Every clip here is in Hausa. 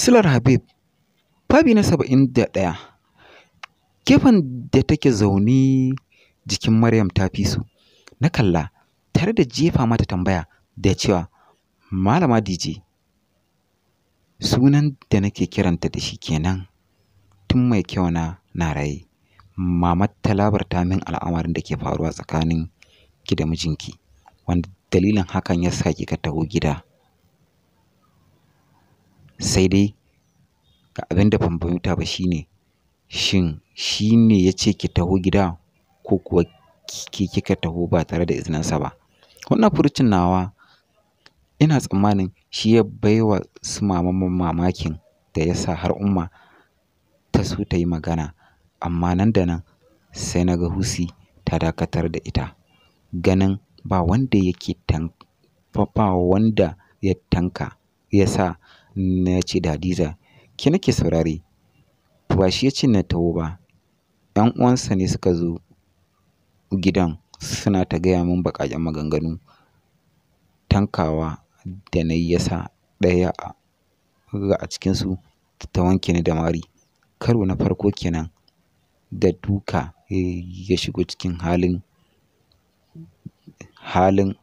Silar Habib, fabi na saba'in da ɗaya. Gefen da take zaune jikin Maryam ta fi su, na kalla tare da jefa mata tambaya da cewa Malama DJ, sunan da nake kiranta da shi kenan tun mai kyau na na raye. Mama ta labarta min al'amarin da ke faruwa tsakanin ki da mijinki, wanda dalilin hakan ya sa ki ka taho gida. sai dai ga abin da ban fahimta ba shine shin shi ne ya ce ki taho gida ko kuwa ke kika taho ba tare da izininsa ba wannan furucin nawa ina tsammanin shi ya baiwa su mamaman mamakin da ya sa har umma ta so ta yi magana amma nan da nan sai na ga husi ta dakatar da ita ganin ba wanda yake tan ba wanda ya tanka ya sa na ce da Hadiza, ke nake saurare, ba shi ya ci na taho ba, ‘yan uwansa ne suka zo gidan suna ta gaya min baƙaƙen maganganu tankawa da na yi ya sa ɗaya a cikinsu ta wanke ni da mari. Karo na farko kenan da duka ya shigo cikin halin halin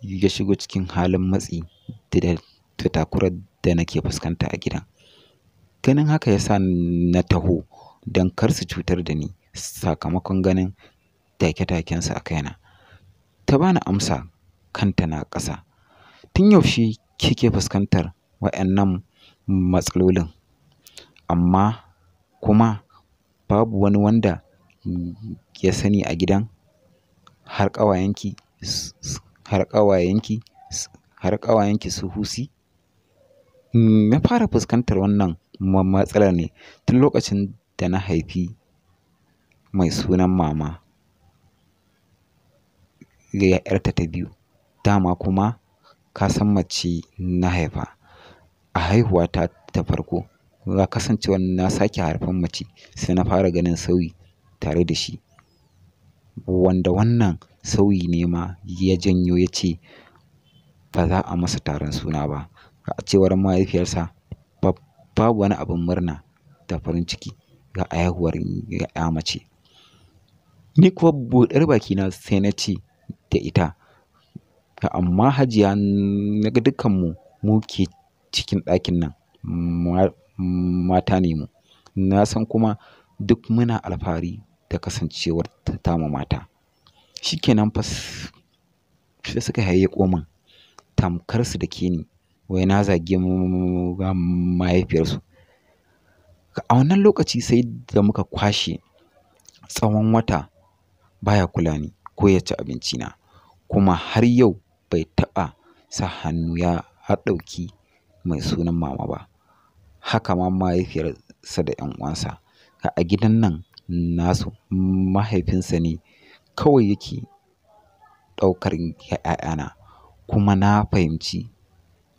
ya shigo cikin halin matsi da takurar da nake fuskanta a gidan. Ganin haka ya sa na taho don kar su cutar da ni sakamakon ganin take-takensu a kaina. Ta bani amsa kanta na ƙasa. Tun yaushe kike fuskantar waɗannan matsalolin? Amma kuma babu wani wanda ya sani a gidan har ƙawayenki, har har ƙawayenki su husi na mm, fara fuskantar wannan matsalar ne tun lokacin da na haifi mai sunan mama ‘yarta ta biyu dama kuma ka san mace na haifa a haihuwata ta farko ga kasancewar na sake harfan mace sai na fara ganin sauyi tare da shi wanda wannan sauyi ne ma ya janyo ya ce ba za a masa taron suna ba. A cewar mahaifiyarsa, babu wani abin murna da farin ciki ga ayahuwar ya mace. Ni kuwa buɗar na, sai na ce da ita, amma Hajiya na ga dukkanmu mu ke cikin ɗakin nan mata ne mu. Na san kuma duk muna alfahari da kasancewar ta mata. Shi kenan fas suka haye min tamkar su da ke ni wai na zagi mahaifiyarsu. A wannan lokaci sai da muka kwashe tsawon wata baya kula ni ko ya ci abinci na kuma har yau bai taɓa sa hannu ya ɗauki mai sunan mama ba. Haka ma mahaifiyarsa da 'yan uwansa. A gidan nan nasu mahaifinsa ne kawai yake ɗaukar 'ya'yana kuma na fahimci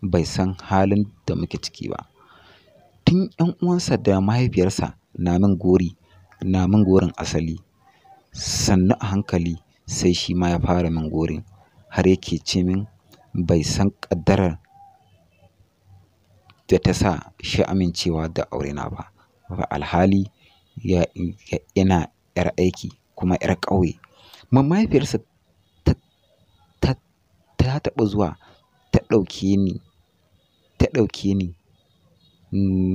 bai san halin da muke ciki ba. Tun 'yan uwansa da mahaifiyarsa na min gori, na min gorin asali. Sannu a hankali sai shi ma ya fara min gorin har yake ce min bai san ƙaddarar da ta sa shi amincewa da aurena ba. ba Alhali yana 'yar aiki kuma 'yar ƙauye. Ma mahaifiyarsa taɓa zuwa ta ɗauke ni, ta ɗauke ni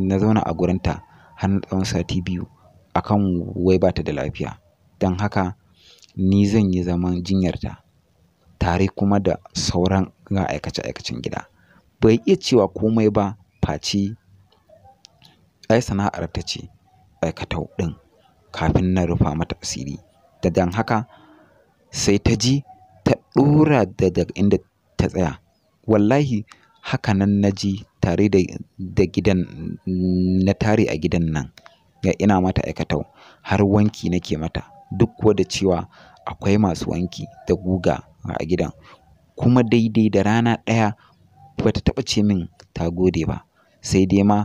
na zauna a gurinta har na tsawon sati biyu akan wai bata da lafiya. Don haka ni zan yi zaman jinyarta tare kuma da sauran aikace-aikacen gida. Bai iya cewa komai ba face ai sana'ar ta ce aikatau ɗin kafin na rufa mata asiri. Da don haka sai ta ji ta ɗora daga inda ta tsaya wallahi haka nan na ji tare da, da gidan na tare a gidan nan ga ina mata aikatau har wanki nake mata duk ko da cewa akwai masu wanki da guga a gidan kuma daidai da rana ɗaya ba ta taɓa ce min ta gode ba sai dai ma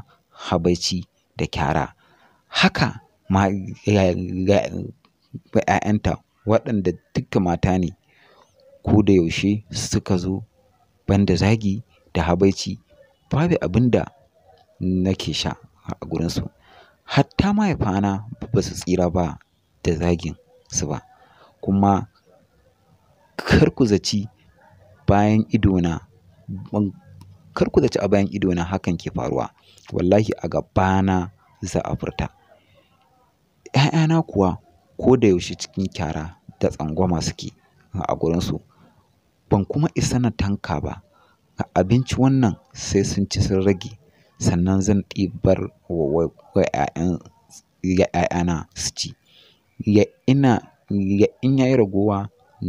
habaici da kyara haka ma ga 'ya'yanta waɗanda duka mata ne ko da yaushe suka zo banda zagi da habaici. Babu abin da nake sha a gurinsu. Hatta mahaifana ba su tsira ba da zagin su ba. Kuma kar ku zaci bayan idona, kar a bayan idona hakan ke faruwa. Wallahi a gabana za a furta. 'Ya'yana kuwa ko yaushe cikin kyara da tsangwama suke a gurinsu. ban kuma isa na tanka ba, a abinci wannan sai sun ci sun rage, sannan zan ɗibar wa 'ya'yana su ci. Ya in ya yi ragowa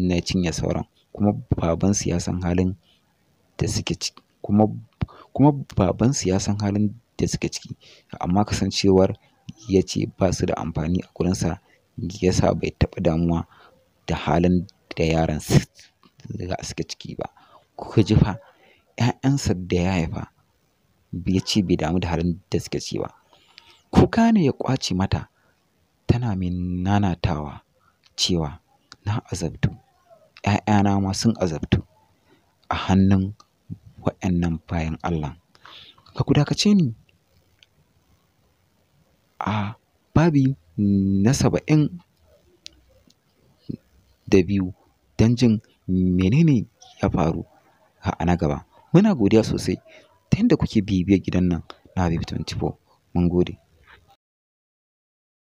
na cinye sauran kuma babansu ya halin da suke ciki kuma kuma babansu ya san halin da suke ciki. Amma kasancewar ya ce ba su da amfani a gurinsa ya sa bai taɓa damuwa da halin da yaran. daga ciki ba. Ku ji fa 'ya'yansa da ya haifa ya ce bai damu da halin da suke ci ba. Kuka ne ya kwace mata tana mai nanatawa cewa na azabtu, 'ya'yana ma sun azabtu a hannun waɗannan bayan Allah. Ka ku dakace ni a babi na saba'in da biyu don jin menene ya faru a na gaba. Muna godiya sosai ta yadda kuke bibiyar gidan nan na Habib 24. Mun gode.